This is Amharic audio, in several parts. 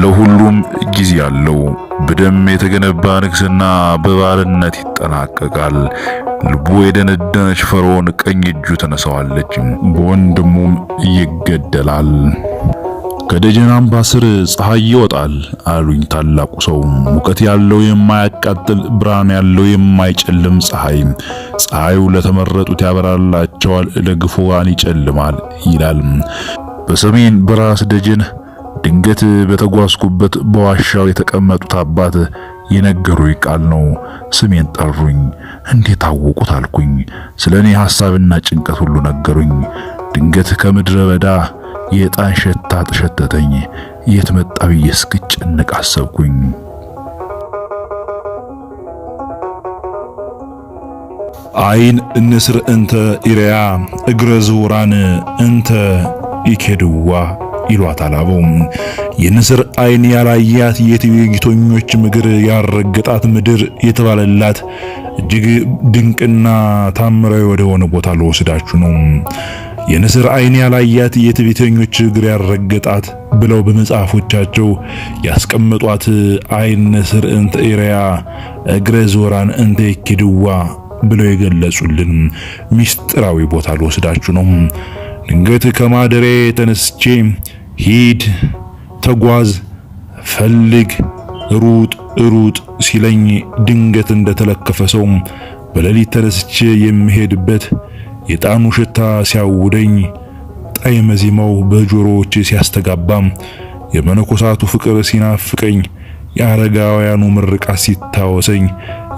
ለሁሉም ጊዜ አለው። በደም የተገነባ ንግስና በባርነት ይጠናቀቃል። ልቡ የደነደነች ፈርዖን ቀኝ እጁ ተነሳዋለች በወንድሙም ይገደላል። ከደጀን አምባ ስር ፀሐይ ይወጣል አሉኝ ታላቁ ሰው። ሙቀት ያለው የማያቃጥል ብርሃን ያለው የማይጨልም ፀሐይ። ፀሐዩ ለተመረጡት ያበራላቸዋል፣ ለግፉዋን ይጨልማል ይላል። በሰሜን በራስ ደጀን ድንገት በተጓዝኩበት በዋሻው የተቀመጡት አባት የነገሩኝ ቃል ነው። ስሜን ጠሩኝ። እንዴት አወቁት አልኩኝ። ስለ እኔ ሐሳብና ጭንቀት ሁሉ ነገሩኝ። ድንገት ከምድረ በዳ የዕጣን ሸታ ተሸተተኝ። የት መጣ ብዬ እስክጨነቅ አሰብኩኝ። አይን እንስር እንተ ኢሪያ እግረ ዝውራን እንተ ኢኬድዋ ይሏታል አበው። የንስር አይን ያላያት የትዕቢተኞች እግር ያረገጣት ምድር የተባለላት እጅግ ድንቅና ታምራዊ ወደሆነ ቦታ ልወስዳችሁ ነው። የንስር አይን ያላያት የትዕቢተኞች እግር ያረገጣት ብለው በመጽሐፎቻቸው ያስቀመጧት አይን ንስር እንተ ኢርያ እግረ ዞራን እንተ ኪድዋ ብለው የገለጹልን ሚስጥራዊ ቦታ ልወስዳችሁ ነው። ድንገት ከማደሬ ተነስቼ ሂድ፣ ተጓዝ፣ ፈልግ፣ ሩጥ ሩጥ ሲለኝ ድንገት እንደተለከፈ ሰው በሌሊት ተነስቼ የምሄድበት የጣኑ ሽታ ሲያውደኝ ጣዕመ ዜማው በጆሮዎች ሲያስተጋባም የመነኮሳቱ ፍቅር ሲናፍቀኝ የአረጋውያኑ ምርቃት ሲታወሰኝ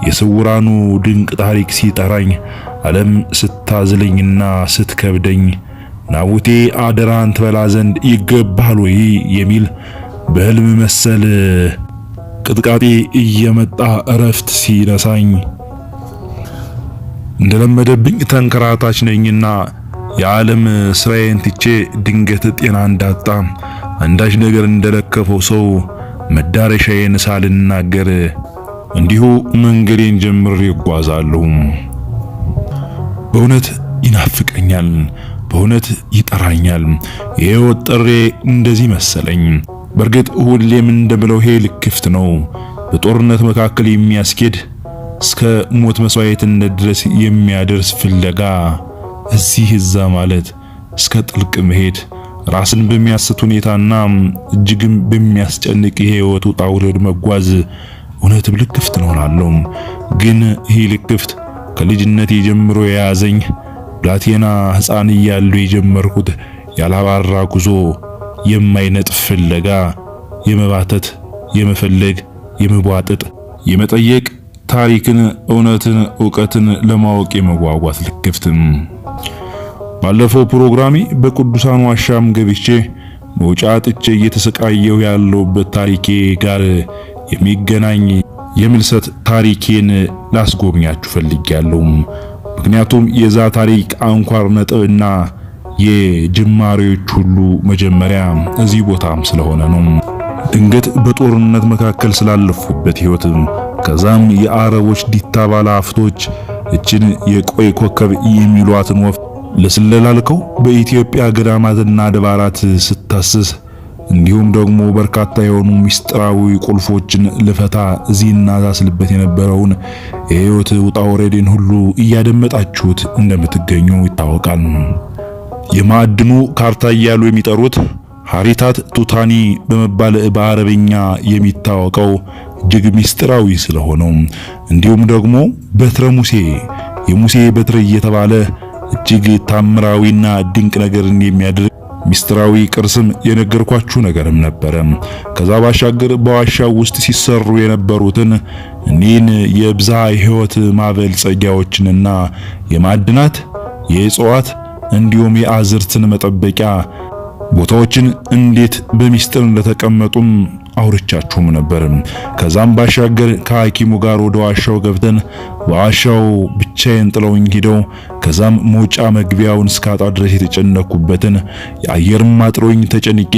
የስውራኑ ድንቅ ታሪክ ሲጠራኝ ዓለም ስታዝለኝና ስትከብደኝ ናቡቴ አደራን ትበላ ዘንድ ይገባል ወይ የሚል በህልም መሰል ቅጥቃጤ እየመጣ እረፍት ሲነሳኝ እንደለመደብኝ ተንከራታች ነኝና የዓለም ስራዬን ትቼ ድንገት ጤና እንዳጣ አንዳች ነገር እንደለከፈው ሰው መዳረሻዬን ሳልናገር እንዲሁ መንገዴን ጀምር ይጓዛሉ በእውነት ይናፍቀኛል፣ በእውነት ይጠራኛል። የሕይወት ጥሬ እንደዚህ መሰለኝ። በእርግጥ ሁሌም እንደምለው ሄ ልክፍት ነው፣ በጦርነት መካከል የሚያስኬድ እስከ ሞት መስዋዕትነት ድረስ የሚያደርስ ፍለጋ እዚህ እዛ ማለት እስከ ጥልቅ መሄድ ራስን በሚያስት ሁኔታና እጅግም በሚያስጨንቅ የህይወት ውጣ ውረድ መጓዝ እውነትም ልክፍት ነው ግን ይህ ልክፍት ከልጅነት የጀምሮ የያዘኝ ብላቴና ሕፃን እያሉ የጀመርኩት ያላባራ ጉዞ፣ የማይነጥፍ ፍለጋ፣ የመባተት፣ የመፈለግ፣ የመቧጠጥ፣ የመጠየቅ ታሪክን፣ እውነትን፣ እውቀትን ለማወቅ የመጓጓት ልክፍትም። ባለፈው ፕሮግራሜ በቅዱሳን ዋሻም ገብቼ መውጫ አጥቼ እየተሰቃየሁ ያለሁበት ታሪኬ ጋር የሚገናኝ የምልሰት ታሪኬን ላስጎብኛችሁ ፈልጌያለሁ። ምክንያቱም የዛ ታሪክ አንኳር ነጥብና የጅማሬዎች ሁሉ መጀመሪያ እዚህ ቦታም ስለሆነ ነው። ድንገት በጦርነት መካከል ስላለፉበት ሕይወት ከዛም የአረቦች ዲታ አፍቶች እችን የቆይ ኮከብ የሚሏትን ወፍ ለስለላ ልከው በኢትዮጵያ ገዳማትና አድባራት ስታስስ እንዲሁም ደግሞ በርካታ የሆኑ ሚስጥራዊ ቁልፎችን ልፈታ እዚህና እዛ የነበረውን የህይወት ውጣ ውረዴን ሁሉ እያደመጣችሁት እንደምትገኙ ይታወቃል። የማዕድኑ ካርታ እያሉ የሚጠሩት ሀሪታት ቱታኒ በመባል በአረብኛ የሚታወቀው እጅግ ሚስጥራዊ ስለሆነው እንዲሁም ደግሞ በትረ ሙሴ የሙሴ በትረ እየተባለ እጅግ ታምራዊና ድንቅ ነገርን የሚያደርግ ሚስጥራዊ ቅርስም የነገርኳችሁ ነገርም ነበረ። ከዛ ባሻገር በዋሻው ውስጥ ሲሰሩ የነበሩትን እኒህን የብዛ ሕይወት ማበልጸጊያዎችንና የማዕድናት የእጽዋት እንዲሁም የአዝርትን መጠበቂያ ቦታዎችን እንዴት በሚስጥር እንደተቀመጡም አውርቻችሁም ነበር። ከዛም ባሻገር ከሐኪሙ ጋር ወደ ዋሻው ገብተን ዋሻው ብቻዬን ጥለውኝ ሂደው ከዛም መውጫ መግቢያውን እስካጣ ድረስ የተጨነኩበትን የአየርም አጥሮኝ ተጨንቄ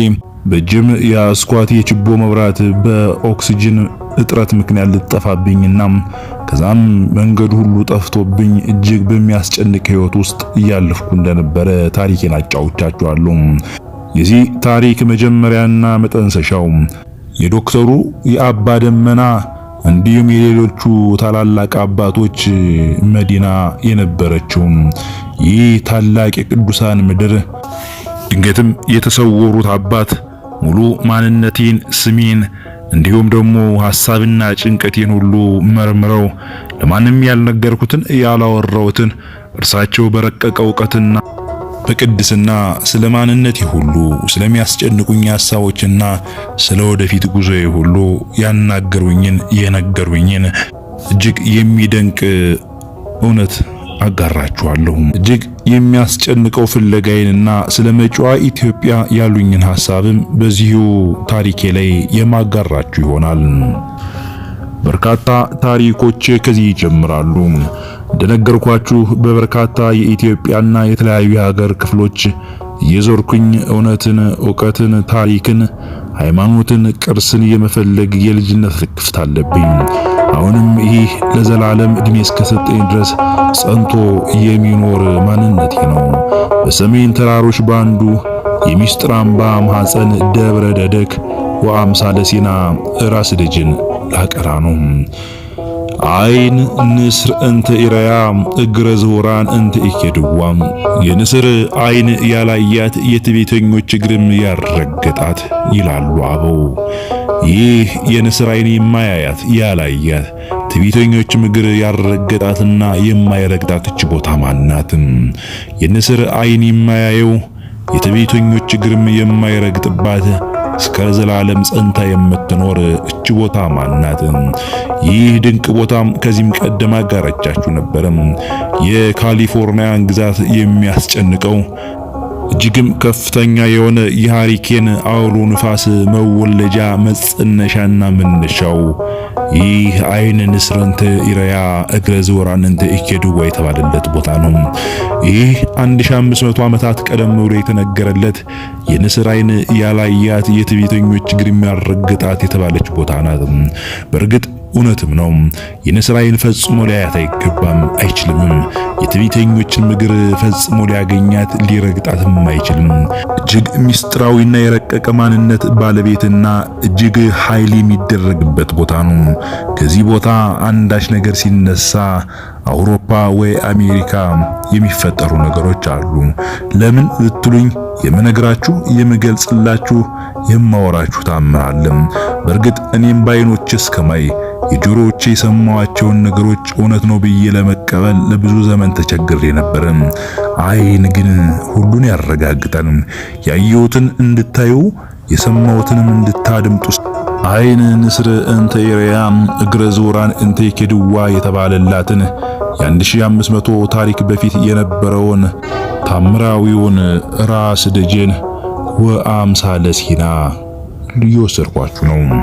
በጅም የአስኳት የችቦ መብራት በኦክስጅን እጥረት ምክንያት ልጠፋብኝና ከዛም መንገድ ሁሉ ጠፍቶብኝ እጅግ በሚያስጨንቅ ሕይወት ውስጥ እያለፍኩ እንደነበረ ታሪኬን አጫውቻችኋለሁ። የዚህ ታሪክ መጀመሪያና መጠንሰሻው የዶክተሩ የአባ ደመና እንዲሁም የሌሎቹ ታላላቅ አባቶች መዲና የነበረችውም ይህ ታላቅ የቅዱሳን ምድር ድንገትም የተሰወሩት አባት ሙሉ ማንነቴን፣ ስሜን እንዲሁም ደግሞ ሐሳብና ጭንቀቴን ሁሉ መርምረው ለማንም ያልነገርኩትን ያላወራሁትን እርሳቸው በረቀቀ እውቀትና በቅድስና ስለ ማንነቴ ሁሉ ስለሚያስጨንቁኝ ሐሳቦችና ስለ ወደፊት ጉዞዬ ሁሉ ያናገሩኝን የነገሩኝን እጅግ የሚደንቅ እውነት አጋራችኋለሁ። እጅግ የሚያስጨንቀው ፍለጋዬንና ስለ መጪዋ ኢትዮጵያ ያሉኝን ሐሳብም በዚሁ ታሪኬ ላይ የማጋራችሁ ይሆናል። በርካታ ታሪኮች ከዚህ ይጀምራሉ። እንደነገርኳችሁ በበርካታ የኢትዮጵያና የተለያዩ የሀገር ክፍሎች የዞርኩኝ እውነትን፣ እውቀትን፣ ታሪክን፣ ሃይማኖትን፣ ቅርስን የመፈለግ የልጅነት ልክፍት አለብኝ። አሁንም ይህ ለዘላለም እድሜ እስከሰጠኝ ድረስ ጸንቶ የሚኖር ማንነቴ ነው። በሰሜን ተራሮች ባንዱ የሚስጥር አምባ ማኅፀን ደብረ ደደክ ወአምሳለ ሲና ራስ ደጅን ላቀራኑም አይን ንስር እንተ ኢራያ እግረ ዝውራን እንተ ኢኬድዋ የንስር አይን ያላያት የትቤተኞች እግርም ያረገጣት ይላሉ አበው። ይህ የንስር አይን የማያያት ያላያት ትዕቢተኞችም እግር ያረገጣትና የማይረግጣት እች ቦታ ማናትም? የንስር አይን የማያየው የትዕቢተኞች እግርም የማይረግጥባት እስከ ዘላለም ጸንታ የምትኖር እች ቦታ ማናት? ይህ ድንቅ ቦታ ከዚህም ቀደም አጋራቻችሁ ነበርም። የካሊፎርኒያን ግዛት የሚያስጨንቀው እጅግም ከፍተኛ የሆነ የሃሪኬን አውሎ ንፋስ መወለጃ መጽነሻና መነሻው ይህ አይን ንስረንተ ኢራያ እግረ ዝወራንንተ ኢኬዱዋ የተባለለት ቦታ ነው። ይህ 1500 ዓመታት ቀደም ብሎ የተነገረለት የንስር አይን ያላያት የትዕቢተኞች ግርም ያረግጣት የተባለች ቦታ ናት። በእርግጥ እውነትም ነው። የንስራኤል ፈጽሞ ሊያያት አይገባም፣ አይችልምም። የትዕቢተኞችን እግር ፈጽሞ ሊያገኛት ሊረግጣትም አይችልም። እጅግ ሚስጥራዊና የረቀቀ ማንነት ባለቤትና እጅግ ኃይል የሚደረግበት ቦታ ነው። ከዚህ ቦታ አንዳች ነገር ሲነሳ አውሮፓ ወይ አሜሪካ የሚፈጠሩ ነገሮች አሉ። ለምን ብትሉኝ የምነግራችሁ የምገልጽላችሁ የማወራችሁ ታምናለም። በእርግጥ እኔም ባይኖቼ እስከማይ የጆሮዎቼ የሰማዋቸውን ነገሮች እውነት ነው ብዬ ለመቀበል ለብዙ ዘመን ተቸግሬ ነበር። አይን ግን ሁሉን ያረጋግጣል። ያየሁትን እንድታዩ የሰማሁትንም እንድታድምጡ አይን ንስር እንተ ኤርያም እግረ ዙራን እንተ ኬድዋ የተባለላትን የ1500 ታሪክ በፊት የነበረውን ታምራዊውን ራስ ደጀን ወአምሳለ ሲና እየወሰድኳችሁ ነው።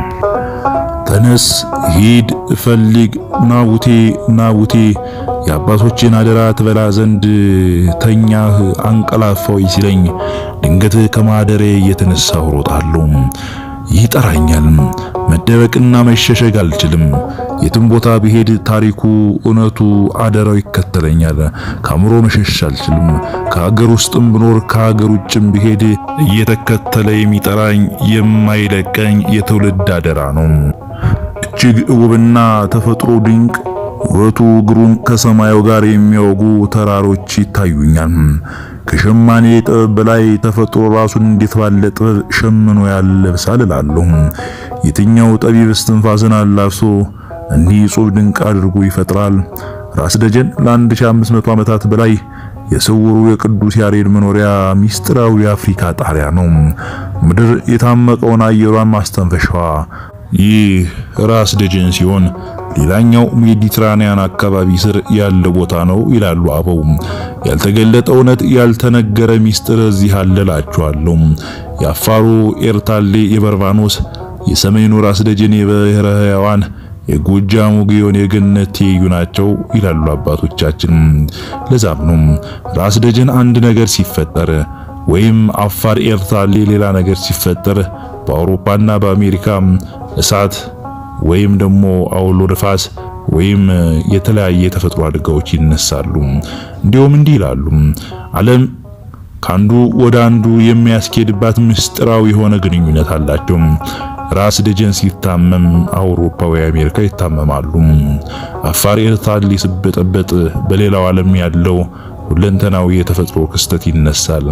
ተነስ፣ ሂድ፣ ፈልግ፣ ናቡቴ ናቡቴ የአባቶችን አደራ ትበላ ዘንድ ተኛህ አንቀላፋው ሲለኝ ድንገት ከማደሬ የተነሳሁ ሮጣለሁ። ይጠራኛል። መደበቅና መሸሸግ አልችልም። የትም ቦታ ብሄድ ታሪኩ፣ እውነቱ፣ አደራው ይከተለኛል። ከአእምሮ መሸሽ አልችልም። ከሀገር ውስጥም ብኖር ከሀገር ውጭም ብሄድ እየተከተለ የሚጠራኝ የማይለቀኝ የትውልድ አደራ ነው። እጅግ ውብና ተፈጥሮ ድንቅ ውበቱ ግሩም ከሰማዩ ጋር የሚያወጉ ተራሮች ይታዩኛል። ከሸማኔ ጥበብ በላይ ተፈጥሮ ራሱን እንዴት ባለ ጥበብ ሸምኖ ያለብሳል እላለሁ። የትኛው ጠቢብ እስትንፋስን አላፍሶ እንዲህ ጹብ ድንቅ አድርጎ ይፈጥራል? ራስ ደጀን ለ1500 ዓመታት በላይ የስውሩ የቅዱስ ያሬድ መኖሪያ ሚስጥራዊ የአፍሪካ ጣሪያ ነው። ምድር የታመቀውን አየሯን ማስተንፈሻዋ ይህ ራስ ደጀን ሲሆን ሌላኛው ሜዲትራኒያን አካባቢ ስር ያለ ቦታ ነው ይላሉ አበው። ያልተገለጠ እውነት፣ ያልተነገረ ሚስጥር እዚህ አለላችኋለሁ። የአፋሩ ኤርታሌ፣ የበርባኖስ፣ የሰሜኑ ራስ ደጀኔ፣ የብሔረ ሕያዋን የጎጃሙ ግዮን የገነት ትይዩ ናቸው ይላሉ አባቶቻችን። ለዛም ነው ራስ ደጀን አንድ ነገር ሲፈጠር ወይም አፋር ኤርታሌ ሌላ ነገር ሲፈጠር በአውሮፓና በአሜሪካ እሳት ወይም ደግሞ አውሎ ነፋስ ወይም የተለያየ የተፈጥሮ አደጋዎች ይነሳሉ። እንዲሁም እንዲህ ይላሉ ዓለም ከአንዱ ወደ አንዱ የሚያስኬድባት ምስጢራዊ የሆነ ግንኙነት አላቸው። ራስ ደጀን ሲታመም አውሮፓ ወይ አሜሪካ ይታመማሉ። አፋር ኤርታሌ ሲበጠበጥ በሌላው ዓለም ያለው ሁለንተናዊ የተፈጥሮ ክስተት ይነሳል።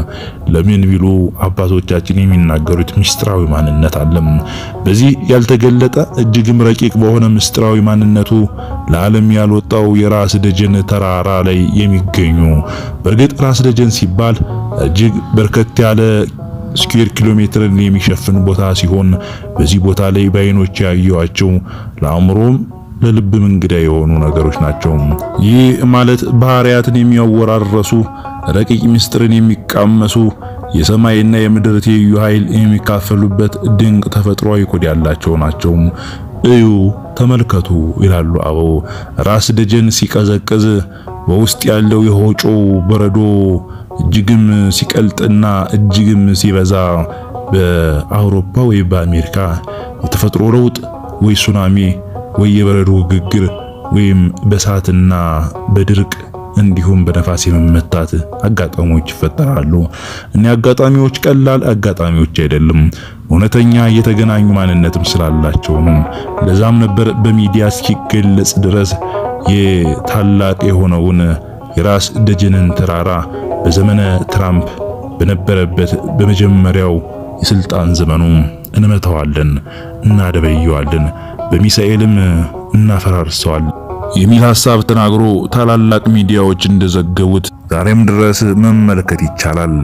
ለምን ቢሉ አባቶቻችን የሚናገሩት ምስጢራዊ ማንነት አለም። በዚህ ያልተገለጠ እጅግም ረቂቅ በሆነ ምስጢራዊ ማንነቱ ለዓለም ያልወጣው የራስ ደጀን ተራራ ላይ የሚገኙ በእርግጥ ራስ ደጀን ሲባል እጅግ በርከት ያለ ስኩዌር ኪሎ ሜትርን የሚሸፍን ቦታ ሲሆን በዚህ ቦታ ላይ በአይኖች ያዩዋቸው ለአእምሮም ለልብ እንግዳ የሆኑ ነገሮች ናቸው። ይህ ማለት ባህሪያትን የሚያወራረሱ ረቂቅ ምስጢርን የሚቃመሱ የሰማይና የምድር ትይዩ ኃይል የሚካፈሉበት ድንቅ ተፈጥሯዊ ኮድ ያላቸው ናቸው። እዩ፣ ተመልከቱ ይላሉ አበው። ራስ ደጀን ሲቀዘቅዝ በውስጥ ያለው የሆጮ በረዶ እጅግም ሲቀልጥና እጅግም ሲበዛ በአውሮፓ ወይ በአሜሪካ የተፈጥሮ ለውጥ ወይ ሱናሚ ወይ የበረዶ ግግር ወይም በእሳትና በድርቅ እንዲሁም በነፋስ የመመታት አጋጣሚዎች ይፈጠራሉ። እኒህ አጋጣሚዎች ቀላል አጋጣሚዎች አይደለም፣ እውነተኛ የተገናኙ ማንነትም ስላላቸው ነው። ለዛም ነበር በሚዲያ እስኪገለጽ ድረስ የታላቅ የሆነውን የራስ ደጀንን ተራራ በዘመነ ትራምፕ በነበረበት በመጀመሪያው የስልጣን ዘመኑ እንመታዋለን፣ እናደበየዋለን በሚሳኤልም እናፈራርሰዋል የሚል ሐሳብ ተናግሮ ታላላቅ ሚዲያዎች እንደዘገቡት ዛሬም ድረስ መመልከት ይቻላል።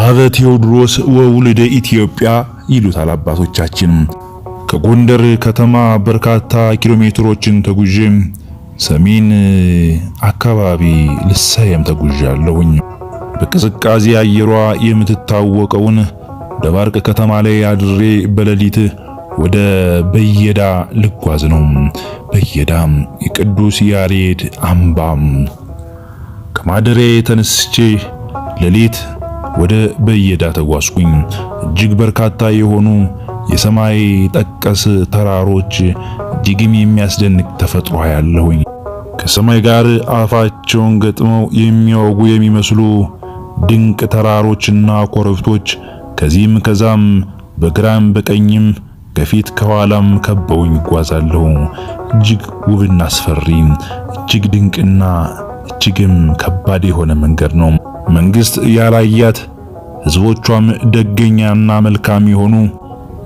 አበ ቴዎድሮስ ወውልደ ኢትዮጵያ ይሉታል አባቶቻችን። ከጎንደር ከተማ በርካታ ኪሎ ሜትሮችን ተጉዤ ሰሜን አካባቢ ልሳየም ተጉዣለሁኝ። በቅዝቃዜ አየሯ የምትታወቀውን ደባርቅ ከተማ ላይ አድሬ በሌሊት ወደ በየዳ ልጓዝ ነው። በየዳ የቅዱስ ያሬድ አምባም ከማደሬ ተነስቼ ሌሊት ወደ በየዳ ተጓዝኩኝ። እጅግ በርካታ የሆኑ የሰማይ ጠቀስ ተራሮች እጅግም የሚያስደንቅ ተፈጥሮ ያለሁኝ ከሰማይ ጋር አፋቸውን ገጥመው የሚያወጉ የሚመስሉ ድንቅ ተራሮችና ኮረብቶች ከዚህም ከዛም በግራም በቀኝም ከፊት ከኋላም ከበውኝ ይጓዛለሁ እጅግ ውብና አስፈሪ፣ እጅግ ድንቅና እጅግም ከባድ የሆነ መንገድ ነው። መንግስት ያላያት ህዝቦቿም ደገኛና መልካም የሆኑ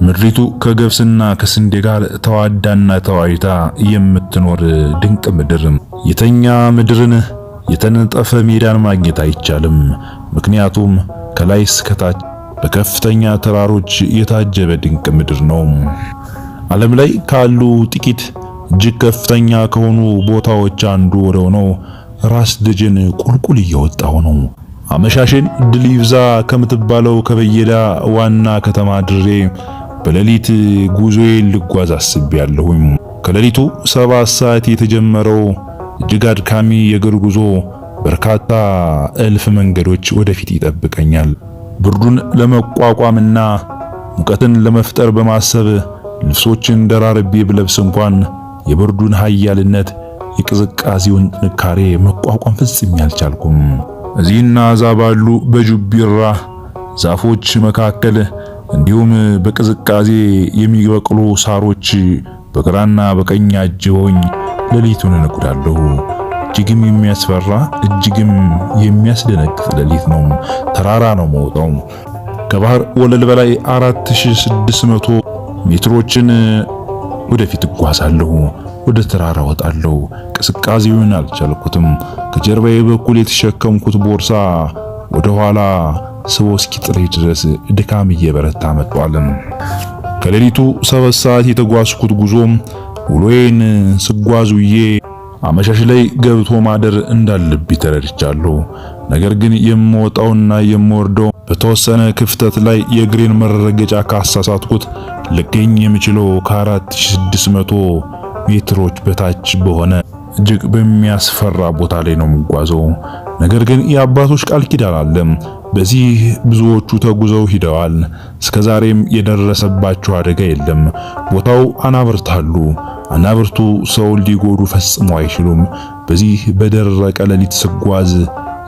ምድሪቱ ከገብስና ከስንዴ ጋር ተዋዳና ተዋይታ የምትኖር ድንቅ ምድር። የተኛ ምድርን የተነጠፈ ሜዳን ማግኘት አይቻልም። ምክንያቱም ከላይ እስከታች በከፍተኛ ተራሮች የታጀበ ድንቅ ምድር ነው። ዓለም ላይ ካሉ ጥቂት እጅግ ከፍተኛ ከሆኑ ቦታዎች አንዱ ወደ ሆነው ራስ ደጀን ቁልቁል እየወጣሁ ነው። አመሻሽን ድል ይብዛ ከምትባለው ከበየዳ ዋና ከተማ ድሬ በሌሊት ጉዞዬን ልጓዝ አስቤያለሁኝ። ከሌሊቱ ሰባት ሰዓት የተጀመረው እጅግ አድካሚ የእግር ጉዞ በርካታ እልፍ መንገዶች ወደፊት ይጠብቀኛል። ብርዱን ለመቋቋምና ሙቀትን ለመፍጠር በማሰብ ልብሶችን ደራርቤ ብለብስ እንኳን የብርዱን ኃያልነት የቅዝቃዜውን ጥንካሬ መቋቋም ፍጽም ያልቻልኩም። እዚህና እዛ ባሉ በጁቢራ ዛፎች መካከል እንዲሁም በቅዝቃዜ የሚበቅሉ ሳሮች በግራና በቀኝ አጅበውኝ ሌሊቱን እነጉዳለሁ። እጅግም የሚያስፈራ እጅግም የሚያስደነግጥ ሌሊት ነው። ተራራ ነው መውጣው። ከባህር ወለል በላይ 4600 ሜትሮችን ወደፊት እጓዛለሁ። ወደ ተራራ ወጣለሁ። ቅስቃሴውን አልቻልኩትም። ከጀርባዬ በኩል የተሸከምኩት ቦርሳ ወደ ኋላ ስቦ እስኪጥሌ ድረስ ድካም እየበረታ መጥቷል። ከሌሊቱ ሰባት ሰዓት የተጓዝኩት ጉዞ ውሎዬን ስጓዙዬ አመሻሽ ላይ ገብቶ ማደር እንዳለብኝ ተረድቻለሁ። ነገር ግን የምወጣውና የምወርደው በተወሰነ ክፍተት ላይ የእግሬን መረገጫ ካሳሳትኩት ልገኝ የምችለው ከ4600 ሜትሮች በታች በሆነ እጅግ በሚያስፈራ ቦታ ላይ ነው የምጓዘው። ነገር ግን የአባቶች ቃል ኪዳን አለ። በዚህ ብዙዎቹ ተጉዘው ሂደዋል። እስከዛሬም የደረሰባቸው አደጋ የለም። ቦታው አናብርታሉ። አናብርቱ ሰውን ሊጎዱ ፈጽሞ አይችሉም። በዚህ በደረቀ ሌሊት ስጓዝ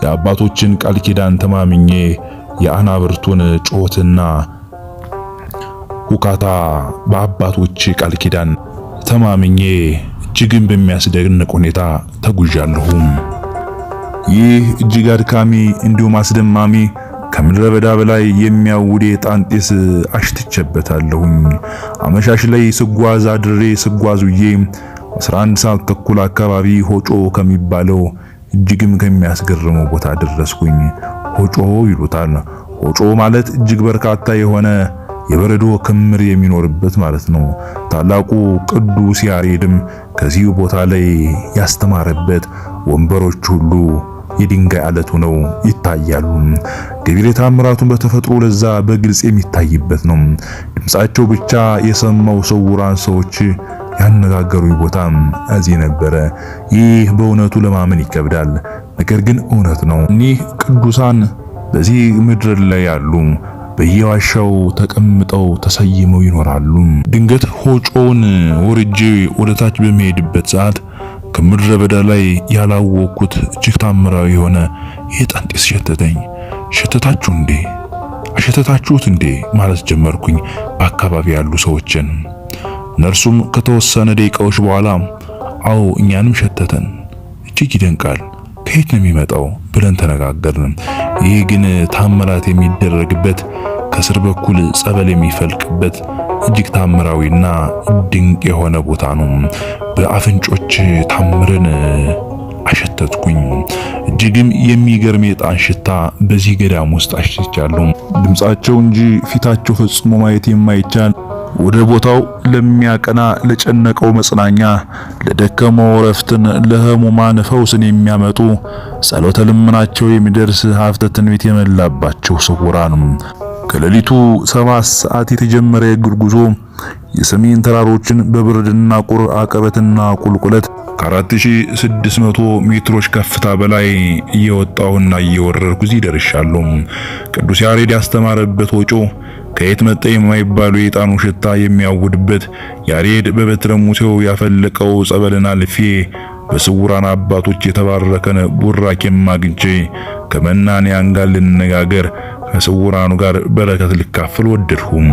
የአባቶችን ቃል ኪዳን ተማምኜ የአናብርቱን ጩኸትና ሁካታ በአባቶች ቃል ኪዳን ተማምኜ እጅግን በሚያስደንቅ ሁኔታ ተጉዣለሁም። ይህ እጅግ አድካሚ እንዲሁም አስደማሚ ከምድረ በዳ በላይ የሚያውድ የዕጣን ጢስ አሽትቼበታለሁኝ። አመሻሽ ላይ ስጓዝ አድሬ ስጓዙዬ 11 ሰዓት ተኩል አካባቢ ሆጮ ከሚባለው እጅግም ከሚያስገርመው ቦታ ደረስኩኝ። ሆጮ ይሉታል። ሆጮ ማለት እጅግ በርካታ የሆነ የበረዶ ክምር የሚኖርበት ማለት ነው። ታላቁ ቅዱስ ያሬድም ከዚህ ቦታ ላይ ያስተማረበት ወንበሮች ሁሉ የድንጋይ አለት ሆነው ይታያሉ። ገቢረ ተአምራቱን በተፈጥሮ ለዛ በግልጽ የሚታይበት ነው። ድምጻቸው ብቻ የሰማው ሰውራን ሰዎች ያነጋገሩ ቦታ እዚህ ነበረ። ይህ በእውነቱ ለማመን ይከብዳል፣ ነገር ግን እውነት ነው። እኒህ ቅዱሳን በዚህ ምድር ላይ ያሉ በየዋሻው ተቀምጠው ተሰይመው ይኖራሉ። ድንገት ሆጮውን ወርጄ ወደታች በሚሄድበት ሰዓት ከምድረ በዳ ላይ ያላወቅኩት እጅግ ታምራዊ የሆነ ይህ ጣንጤስ ሸተተኝ። ሸተታችሁ እንዴ አሸተታችሁት እንዴ ማለት ጀመርኩኝ በአካባቢ ያሉ ሰዎችን። እነርሱም ከተወሰነ ደቂቃዎች በኋላ አዎ እኛንም ሸተተን፣ እጅግ ይደንቃል፣ ከየት ነው የሚመጣው ብለን ተነጋገርን። ይህ ግን ታምራት የሚደረግበት ከስር በኩል ጸበል የሚፈልቅበት እጅግ ታምራዊና ድንቅ የሆነ ቦታ ነው። በአፍንጮች ታምርን አሸተትኩኝ። እጅግም የሚገርም የጣን ሽታ በዚህ ገዳም ውስጥ አሽቻለሁ። ድምጻቸው እንጂ ፊታቸው ፈጽሞ ማየት የማይቻል ወደ ቦታው ለሚያቀና ለጨነቀው መጽናኛ፣ ለደከመው እረፍትን፣ ለህሙማን ፈውስን የሚያመጡ ጸሎተ ልመናቸው የሚደርስ ሀፍተትን ቤት የመላባቸው ስውራን ከሌሊቱ ሰባት ሰዓት የተጀመረ የእግር ጉዞ የሰሜን ተራሮችን በብርድና ቁር አቀበትና ቁልቁለት ከ4600 ሜትሮች ከፍታ በላይ እየወጣሁና እየወረድኩ እዚህ ደርሻለሁ። ቅዱስ ያሬድ ያስተማረበት ወጮ ከየት መጣ የማይባሉ የጣኑ ሽታ የሚያውድበት ያሬድ በበትረ ሙሴው ያፈለቀው ጸበልን አልፌ በስውራን አባቶች የተባረከን ቡራኬም አግኝቼ ከመናንያን ጋር ልነጋገር ከስውራኑ ጋር በረከት ልካፈል ወደድሁም።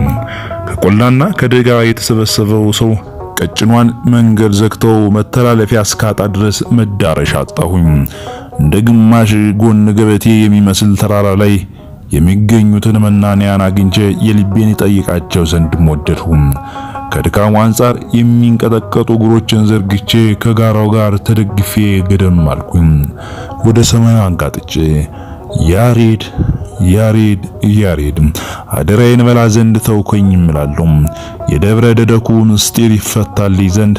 ከቆላና ከደጋ የተሰበሰበው ሰው ቀጭኗን መንገድ ዘግተው መተላለፊያ እስካጣ ድረስ መዳረሻ አጣሁኝ። እንደ ግማሽ ጎን ገበቴ የሚመስል ተራራ ላይ የሚገኙትን መናንያን አግኝቼ የልቤን ይጠይቃቸው ዘንድ ወደድሁም። ከድካሙ አንጻር የሚንቀጠቀጡ እግሮችን ዘርግቼ ከጋራው ጋር ተደግፌ ገደም አልኩኝ። ወደ ሰማዩ አንጋጥጬ ያሬድ ያሬድ ያሬድ አደራዬን በላ ዘንድ ተውከኝ እምላለሁ። የደብረ ደደኩ ምስጢር ይፈታልኝ ዘንድ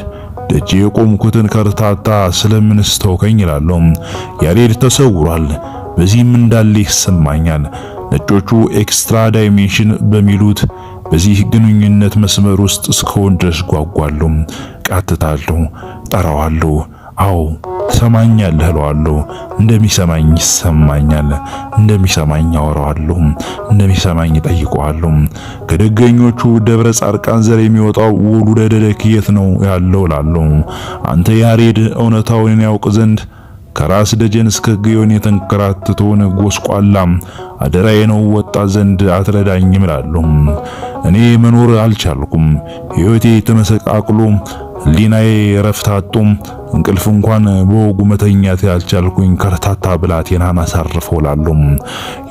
ደጅ የቆምኩትን ከርታታ ስለምንስ ተውከኝ እላለሁ። ያሬድ ተሰውሯል። በዚህም እንዳለ ይሰማኛል። ነጮቹ ኤክስትራ ዳይሜንሽን በሚሉት በዚህ ግንኙነት መስመር ውስጥ እስከሆን ድረስ ጓጓለሁ፣ ቃትታለሁ፣ ጠራዋለሁ። አዎ ሰማኛል እለዋለሁ። እንደሚሰማኝ ይሰማኛል፣ እንደሚሰማኝ አወራዋለሁ፣ እንደሚሰማኝ ጠይቀዋለሁ። ከደገኞቹ ደብረ ጻድቃን ዘር የሚወጣው ወሉደ ደደክ የት ነው ያለው እላለሁ። አንተ ያሬድ እውነታውን ያውቅ ዘንድ ከራስ ደጀን እስከ ግዮን የተንከራተተውን ጎስቋላ አደራዬ ነው ወጣ ዘንድ አትረዳኝም ይላሉ። እኔ መኖር አልቻልኩም። ሕይወቴ ተመሰቃቅሎ ሊናዬ ረፍታጦ እንቅልፍ እንኳን በወጉ መተኛት ያልቻልኩኝ ከርታታ ብላቴናን አሳርፈው ላሉ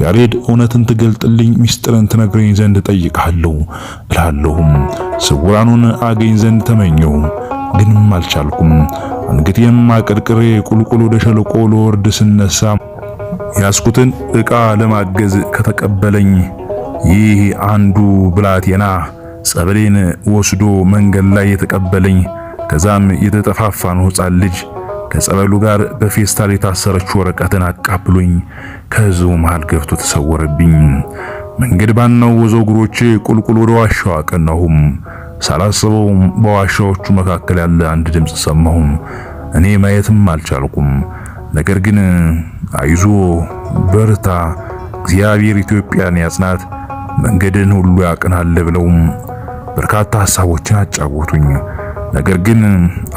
ያሬድ እውነትን ትገልጥልኝ ሚስጥርን ትነግረኝ ዘንድ ጠይቃለሁ እላለሁም ስውራኑን አገኝ ዘንድ ተመኘው ግንም አልቻልኩም። አንገቴም አቀርቅሬ ቁልቁል ወደ ሸለቆ ልወርድ ስነሳ ያስኩትን ዕቃ ለማገዝ ከተቀበለኝ ይህ አንዱ ብላቴና ጸበሌን ወስዶ መንገድ ላይ የተቀበለኝ ከዛም የተጠፋፋነው ሕፃን ልጅ ከጸበሉ ጋር በፌስታል የታሰረች ወረቀትን አቃብሎኝ ከህዝቡ መሃል ገብቶ ተሰወረብኝ። መንገድ ባናወዘው እግሮቼ ቁልቁል ወደ ዋሻው አቀናሁም። ሳላስበውም በዋሻዎቹ መካከል ያለ አንድ ድምፅ ሰማሁም። እኔ ማየትም አልቻልኩም። ነገር ግን አይዞ በርታ፣ እግዚአብሔር ኢትዮጵያን ያጽናት፣ መንገድን ሁሉ ያቅናል ብለውም በርካታ ሐሳቦችን አጫወቱኝ። ነገር ግን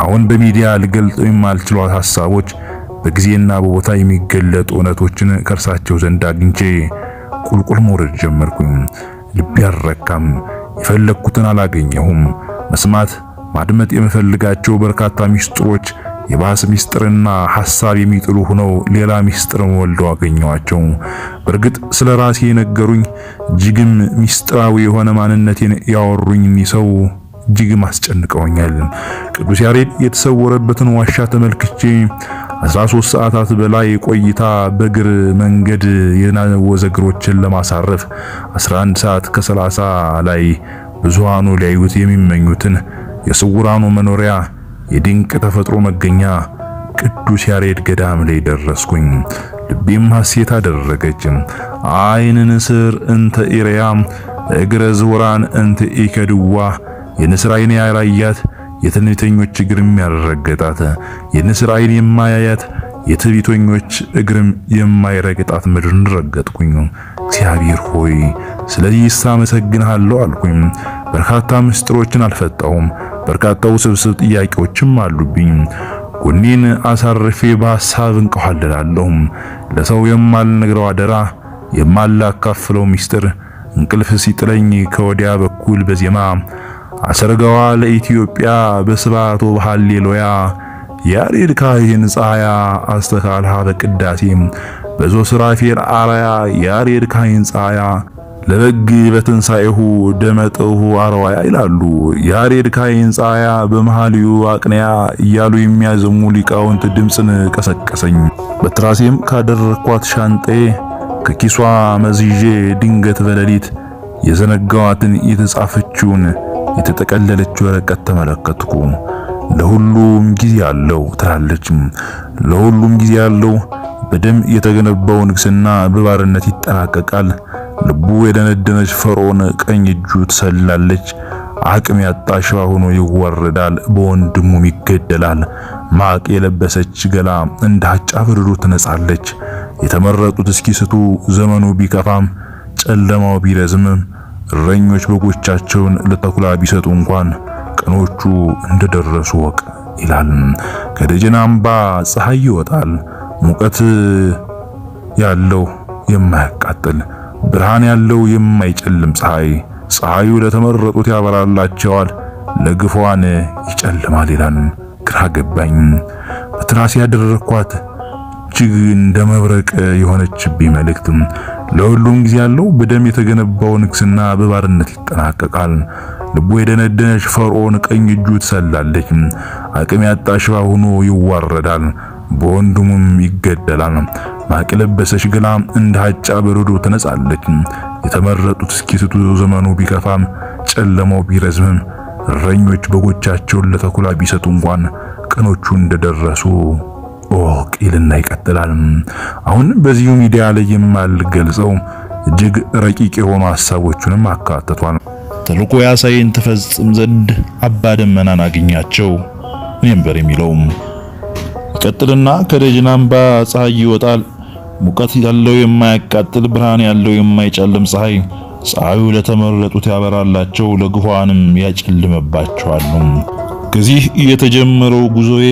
አሁን በሚዲያ ልገልጠው የማልችሏት ሐሳቦች በጊዜና በቦታ የሚገለጡ እውነቶችን ከእርሳቸው ዘንድ አግኝቼ ቁልቁል መውረድ ጀመርኩኝ። ልብ ያረካም የፈለግኩትን አላገኘሁም። መስማት ማድመጥ የምፈልጋቸው በርካታ ሚስጥሮች የባስ ሚስጥርና ሐሳብ የሚጥሉ ሆነው ሌላ ሚስጥርን ወልደው አገኘዋቸው። በእርግጥ ስለ ራሴ የነገሩኝ እጅግም ሚስጥራዊ የሆነ ማንነቴን ያወሩኝ እኒህ ሰው እጅግም አስጨንቀውኛል። ቅዱስ ያሬድ የተሰወረበትን ዋሻ ተመልክቼ 13 ሰዓታት በላይ ቆይታ በእግር መንገድ የናወዘ እግሮችን ለማሳረፍ 11 ሰዓት ከ30 ላይ ብዙሃኑ ሊያዩት የሚመኙትን የስውራኑ መኖሪያ የድንቅ ተፈጥሮ መገኛ ቅዱስ ያሬድ ገዳም ላይ ደረስኩኝ። ልቤም ሐሴት አደረገች። አይን ንስር እንተ ኢሪያም እግረ ዝውራን እንተ ኢከድዋ የንስር አይን የትዕቢተኞች እግርም ያልረገጣት የንስራኤል የማያያት የትዕቢተኞች እግርም የማይረግጣት ምድርን ረገጥኩኝ። እግዚአብሔር ሆይ ስለዚህ አመሰግንሃለሁ አልኩኝ። በርካታ ምስጢሮችን አልፈጣሁም። በርካታ ውስብስብ ጥያቄዎችም አሉብኝ። ጎኔን አሳርፌ በሐሳብ እንቀዋለላለሁ። ለሰው የማልነግረው አደራ፣ የማላካፍለው ምስጢር እንቅልፍ ሲጥለኝ ከወዲያ በኩል በዜማ አሰርገዋ ለኢትዮጵያ በስባቶ ሃሌሉያ ያሬድ ካህን ፀሐያ አስተካልሃ በቅዳሴ በዞ ስራፌል አራያ ያሬድ ካህን ፀሐያ ለበግ በትንሣኤሁ ደመጠሁ አረዋያ ይላሉ። ያሬድ ካህን ፀሐያ በመሐልዩ አቅንያ እያሉ የሚያዘሙ ሊቃውንት ድምፅን ቀሰቀሰኝ። በትራሴም ካደረኳት ሻንጤ ከኪሷ መዝዤ ድንገት በሌሊት የዘነጋዋትን የተጻፈችውን የተጠቀለለች ወረቀት ተመለከትኩ። ለሁሉም ጊዜ አለው ትላለች። ለሁሉም ጊዜ አለው። በደም የተገነባው ንግስና በባርነት ይጠናቀቃል። ልቡ የደነደነች ፈርዖን ቀኝ እጁ ትሰላለች። አቅም ያጣ ሽባ ሆኖ ይዋረዳል፣ በወንድሙም ይገደላል። ማቅ የለበሰች ገላ እንደ አጫ ብርዱ ትነጻለች። የተመረጡት እስኪስቱ ዘመኑ ቢከፋም ጨለማው ቢረዝም እረኞች በጎቻቸውን ለተኩላ ቢሰጡ እንኳን ቀኖቹ እንደደረሱ ወቅ ይላል። ከደጀን አምባ ፀሐይ ይወጣል፣ ሙቀት ያለው የማያቃጥል ብርሃን ያለው የማይጨልም ፀሐይ። ፀሐዩ ለተመረጡት ያበራላቸዋል፣ ለግፏን ይጨልማል ይላል። ግራ ገባኝ። በትራሴ ያደረኳት እጅግ እንደ መብረቅ የሆነችብኝ መልእክት ለሁሉም ጊዜ ያለው በደም የተገነባው ንግስና በባርነት ይጠናቀቃል። ልቡ የደነደነች ፈርዖን ቀኝ እጁ ትሰላለች። አቅም ያጣ ሽባ ሆኖ ይዋረዳል፣ በወንድሙም ይገደላል። ማቅ ለበሰች ገላ እንደ ሀጫ በረዶ ትነጻለች። የተመረጡት እስኪስቱ ዘመኑ ቢከፋም ጨለማው ቢረዝምም እረኞች በጎቻቸውን ለተኩላ ቢሰጡ እንኳን ቀኖቹ እንደደረሱ እወቅ ይልና ይቀጥላል። አሁን በዚሁ ሚዲያ ላይ የማልገልጸው እጅግ ረቂቅ የሆኑ ሀሳቦቹንም አካትቷል። ተልዕኮ ያሳይን ተፈጽም ዘንድ አባ ደመናን አገኛቸው እኔም በር የሚለውም ይቀጥልና ከደጀን አምባ ፀሐይ ይወጣል። ሙቀት ያለው የማያቃጥል ብርሃን ያለው የማይጨልም ፀሐይ ፀሐዩ ለተመረጡት ያበራላቸው ለግኋንም ያጨልመባቸዋል። ከዚህ የተጀመረው ጉዞዬ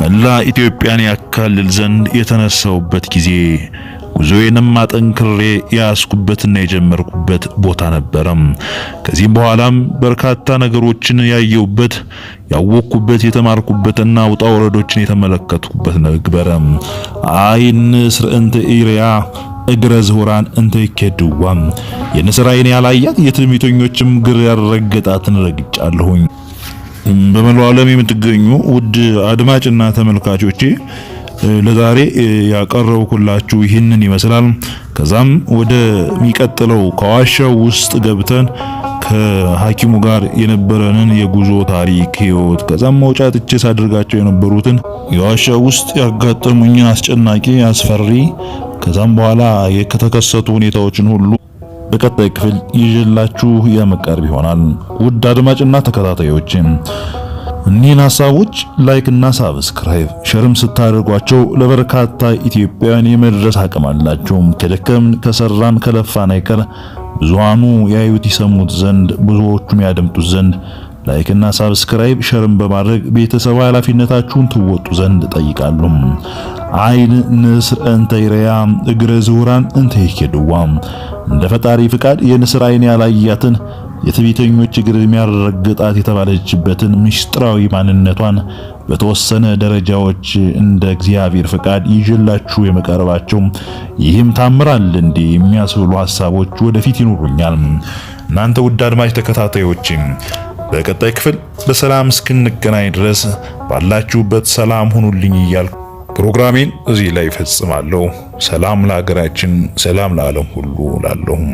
መላ ኢትዮጵያን ያካልል ዘንድ የተነሳውበት ጊዜ ጉዞዬንም አጠንክሬ ያስኩበትና የጀመርኩበት ቦታ ነበረም። ከዚህም በኋላም በርካታ ነገሮችን ያየውበት፣ ያወቅኩበት፣ የተማርኩበትና ውጣ ወረዶችን የተመለከትኩበት ነበረ። አይን ስር ኢሪያ እግረ ዝሆራን እንተ ይኬድዋ የንስራይን ያላያት የትዕቢተኞችም ግር ያረገጣትን ረግጫለሁኝ። በመላው ዓለም የምትገኙ ውድ አድማጭና ተመልካቾቼ ለዛሬ ያቀረብኩላችሁ ይህንን ይመስላል። ከዛም ወደ ሚቀጥለው ከዋሻው ውስጥ ገብተን ከሐኪሙ ጋር የነበረንን የጉዞ ታሪክ ህይወት፣ ከዛም መውጫ ትቼ ሳደርጋቸው የነበሩትን የዋሻ ውስጥ ያጋጠሙኝ አስጨናቂ አስፈሪ ከዛም በኋላ የተከሰቱ ሁኔታዎችን ሁሉ በቀጣይ ክፍል ይዤላችሁ የመቀርብ ይሆናል። ውድ አድማጭና ተከታታዮች እኒህን ሀሳቦች ላይክ እና ሳብስክራይብ ሸርም ስታደርጓቸው ለበርካታ ኢትዮጵያውያን የመድረስ አቅም አላቸው። ከደከምን ከሰራን ከለፋን አይቀር ብዙሃኑ ያዩት ይሰሙት ዘንድ ብዙዎቹም ያደምጡት ዘንድ ላይክ እና ሳብስክራይብ ሸርም በማድረግ ቤተሰብ ኃላፊነታችሁን ትወጡ ዘንድ ጠይቃሉ። አይን ንስር እንተ ይርያ እግረ ዝውራን እንተ ይኬድዋ። እንደ ፈጣሪ ፍቃድ የንስር አይን ያላያትን የትዕቢተኞች እግር የሚያረግጣት የተባለችበትን ምስጢራዊ ማንነቷን በተወሰነ ደረጃዎች እንደ እግዚአብሔር ፍቃድ ይዤላችሁ የመቀረባቸው ይህም ታምራል እንዴ የሚያስብሉ ሐሳቦች ወደፊት ይኖሩኛል። እናንተ ውድ አድማጭ ተከታታዮች በቀጣይ ክፍል በሰላም እስክንገናኝ ድረስ ባላችሁበት ሰላም ሁኑልኝ እያልኩ ፕሮግራሜን እዚህ ላይ ፈጽማለሁ። ሰላም ለሀገራችን፣ ሰላም ለዓለም ሁሉ ላለሁም